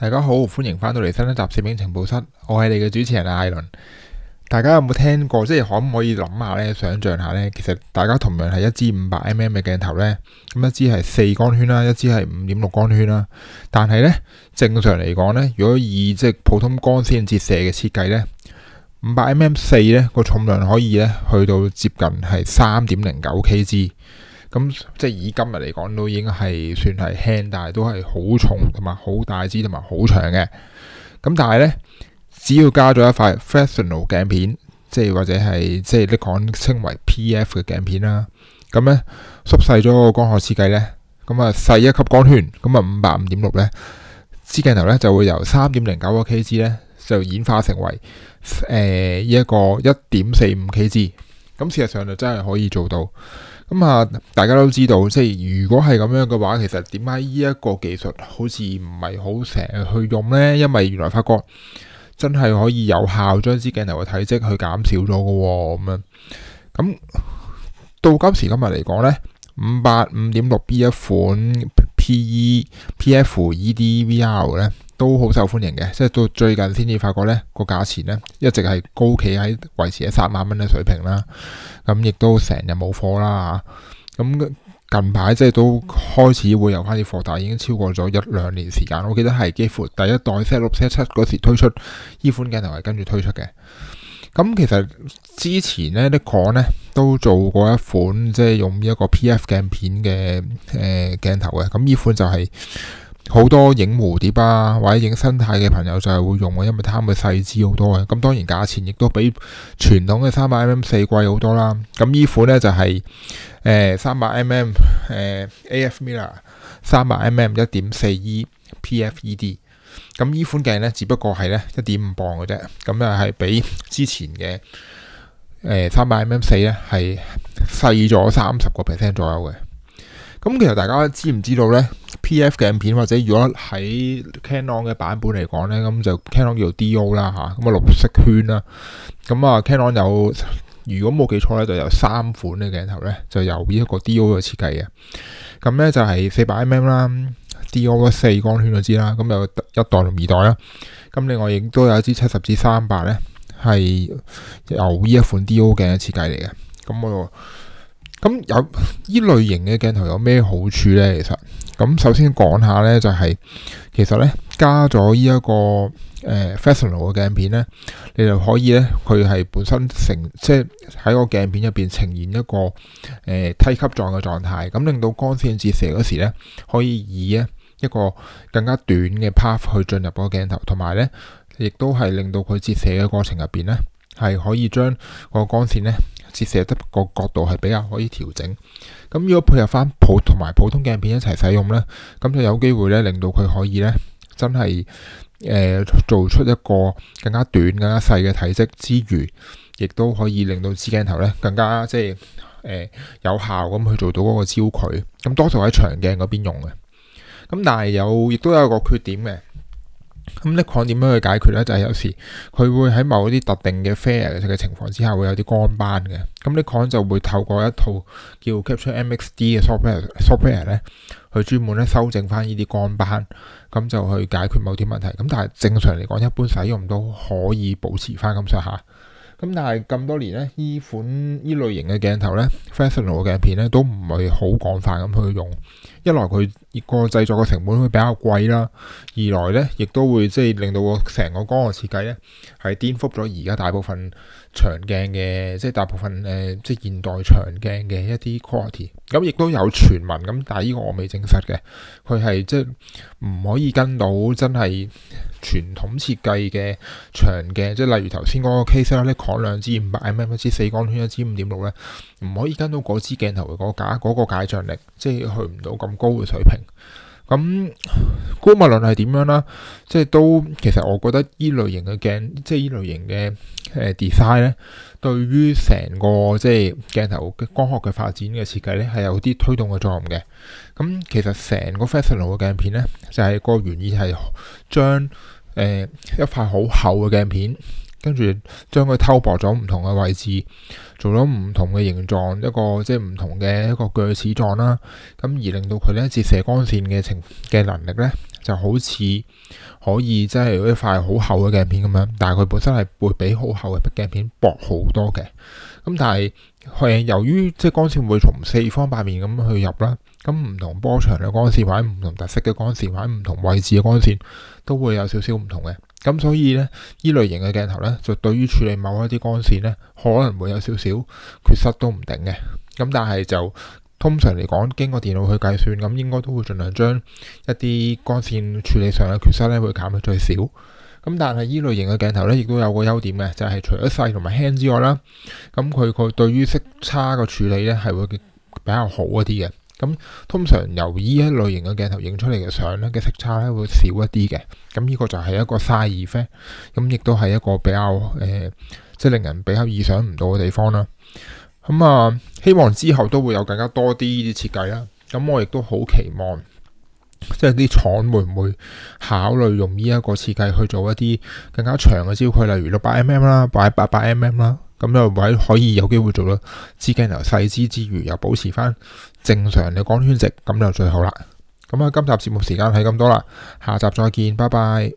大家好，歡迎翻到嚟新一集攝影情報室，我係你嘅主持人艾倫。大家有冇聽過？即係可唔可以諗下呢？想象下呢？其實大家同樣係一支五百 mm 嘅鏡頭呢，咁一支係四光圈啦，一支係五點六光圈啦。但係呢，正常嚟講呢，如果以即普通光線折射嘅設計呢，五百 mm 四呢個重量可以呢去到接近係三點零九 kg。咁、嗯、即係以今日嚟講，都已經係算係輕，但係都係好重同埋好大支同埋好長嘅。咁、嗯、但係呢，只要加咗一塊 Fresnel 鏡片，即係或者係即係你講稱為 PF 嘅鏡片啦，咁、嗯、呢縮細咗個光學設計呢，咁啊細一級光圈，咁啊五百五點六呢支鏡頭呢，就會由三點零九個 Kg 呢就演化成為誒、呃、一個一點四五 Kg。咁事實上就真係可以做到。咁啊、嗯，大家都知道，即係如果係咁樣嘅話，其實點解呢一個技術好似唔係好成日去用呢？因為原來發覺真係可以有效將支鏡頭嘅體積去減少咗嘅、哦，咁、嗯、啊，咁、嗯、到今時今日嚟講呢，五八五點六 B 一款 PE PF ED VR 咧。都好受歡迎嘅，即係到最近先至發覺呢個價錢呢，一直係高企喺維持喺三萬蚊嘅水平、啊嗯、啦。咁亦都成日冇貨啦。咁近排即係都開始會有翻啲貨，但已經超過咗一兩年時間。我記得係幾乎第一代 Z6 Z7 嗰時推出呢款鏡頭係跟住推出嘅。咁、嗯、其實之前咧，呢啲廠呢，都做過一款即係用呢個 PF 鏡片嘅誒鏡頭嘅。咁、嗯、呢款就係、是。好多影蝴蝶啊，或者影生態嘅朋友就係會用，因為貪佢細緻好多嘅。咁當然價錢亦都比傳統嘅三百 mm 四貴好多啦。咁呢款咧就係誒三百 mm 誒、呃、AF Miller 三百 mm 一點四 E PF ED。咁呢款鏡咧，只不過係咧一點五磅嘅啫。咁又係比之前嘅誒三百 mm 四咧係細咗三十個 percent 左右嘅。咁其實大家知唔知道咧？PF 鏡片或者如果喺 Canon 嘅版本嚟講咧，咁就 Canon 叫做 DO 啦、啊、嚇，咁、嗯、啊綠色圈啦。咁啊 Canon 有，如果冇記錯咧，就有三款嘅鏡頭咧，就由呢一個 DO 嘅設計嘅。咁咧就係四百 mm 啦、啊、DO 四光圈嗰支啦，咁、啊嗯、有一代同二代啦。咁另外亦都有一支七十至三百咧，係由呢一款 DO 鏡嘅設計嚟嘅。咁我。咁有依類型嘅鏡頭有咩好處呢？其實，咁首先講下呢，就係、是、其實呢，加咗呢一個誒 Fresnel 嘅鏡片呢，你就可以呢，佢係本身成，即係喺個鏡片入邊呈現一個誒、呃、梯級狀嘅狀態，咁、嗯、令到光線折射嗰時呢，可以以呢一個更加短嘅 path 去進入嗰個鏡頭，同埋呢，亦都係令到佢折射嘅過程入邊呢。係可以將個光線呢，折射得個角度係比較可以調整，咁如果配合翻普同埋普通鏡片一齊使用呢，咁就有機會呢令到佢可以呢真係誒、呃、做出一個更加短、更加細嘅體積之餘，亦都可以令到支鏡頭呢更加即係誒、呃、有效咁去做到嗰個焦距，咁多數喺長鏡嗰邊用嘅，咁但係有亦都有一個缺點嘅。咁呢款點樣去解決咧？就係、是、有時佢會喺某啲特定嘅 flare 嘅情況之下會有啲光斑嘅，咁呢款就會透過一套叫 Capture NX-D 嘅 software，software 咧去專門咧修正翻呢啲光斑，咁就去解決某啲問題。咁但係正常嚟講，一般使用都可以保持翻咁上下。咁但係咁多年咧，呢款呢類型嘅鏡頭咧，Fresnel 鏡片咧都唔係好廣泛咁去用。一來佢個製作嘅成本會比較貴啦，二來咧亦都會即係令到我成個光學設計咧係顛覆咗而家大部分長鏡嘅，即係大部分誒即係現代長鏡嘅一啲 quality。咁、嗯、亦都有傳聞咁，但係呢個我未證實嘅，佢係即係唔可以跟到真係傳統設計嘅長鏡，即係例如頭先嗰個 a s e n 咧，講兩支五百 mm 一支四光圈一支五點六咧，唔可以跟到嗰支鏡頭嘅嗰個解，嗰個解像力，即係去唔到咁。咁高嘅水平，咁高無論係點樣啦，即係都其實我覺得呢類型嘅鏡，即係呢類型嘅誒 design 咧，對於成個即係鏡頭嘅光學嘅發展嘅設計咧，係有啲推動嘅作用嘅。咁其實成個 Fresnel 嘅鏡片咧，就係、是、個原意係將誒、呃、一塊好厚嘅鏡片。跟住將佢偷薄咗唔同嘅位置，做咗唔同嘅形狀，一個即係唔同嘅一個鋸齒狀啦。咁而令到佢呢折射光線嘅情嘅能力呢，就好似可以即係有一塊好厚嘅鏡片咁樣，但係佢本身係會比好厚嘅鏡片薄好多嘅。咁但係係由於即係光線會從四方八面咁去入啦，咁唔同波長嘅光線或者唔同特色嘅光線或者唔同位置嘅光線都會有少少唔同嘅。咁所以咧，依類型嘅鏡頭咧，就對於處理某一啲光線咧，可能會有少少缺失都唔定嘅。咁但係就通常嚟講，經過電腦去計算，咁應該都會盡量將一啲光線處理上嘅缺失咧，會減到最少。咁但係依類型嘅鏡頭咧，亦都有個優點嘅，就係除咗細同埋輕之外啦，咁佢佢對於色差嘅處理咧，係會比較好一啲嘅。咁通常由依一類型嘅鏡頭影出嚟嘅相咧，嘅色差咧會少一啲嘅。咁呢個就係一個 side effect，咁亦都係一個比較誒、呃，即係令人比較意想唔到嘅地方啦。咁啊，希望之後都會有更加多啲依啲設計啦。咁我亦都好期望，即係啲廠會唔會考慮用呢一個設計去做一啲更加長嘅焦距，例如六百 mm 啦，八百 mm 啦。咁又位可以有機會做咯，支鏡頭又細支之餘又保持翻正常嘅光圈值，咁就最好啦。咁啊，今集節目時間係咁多啦，下集再見，拜拜。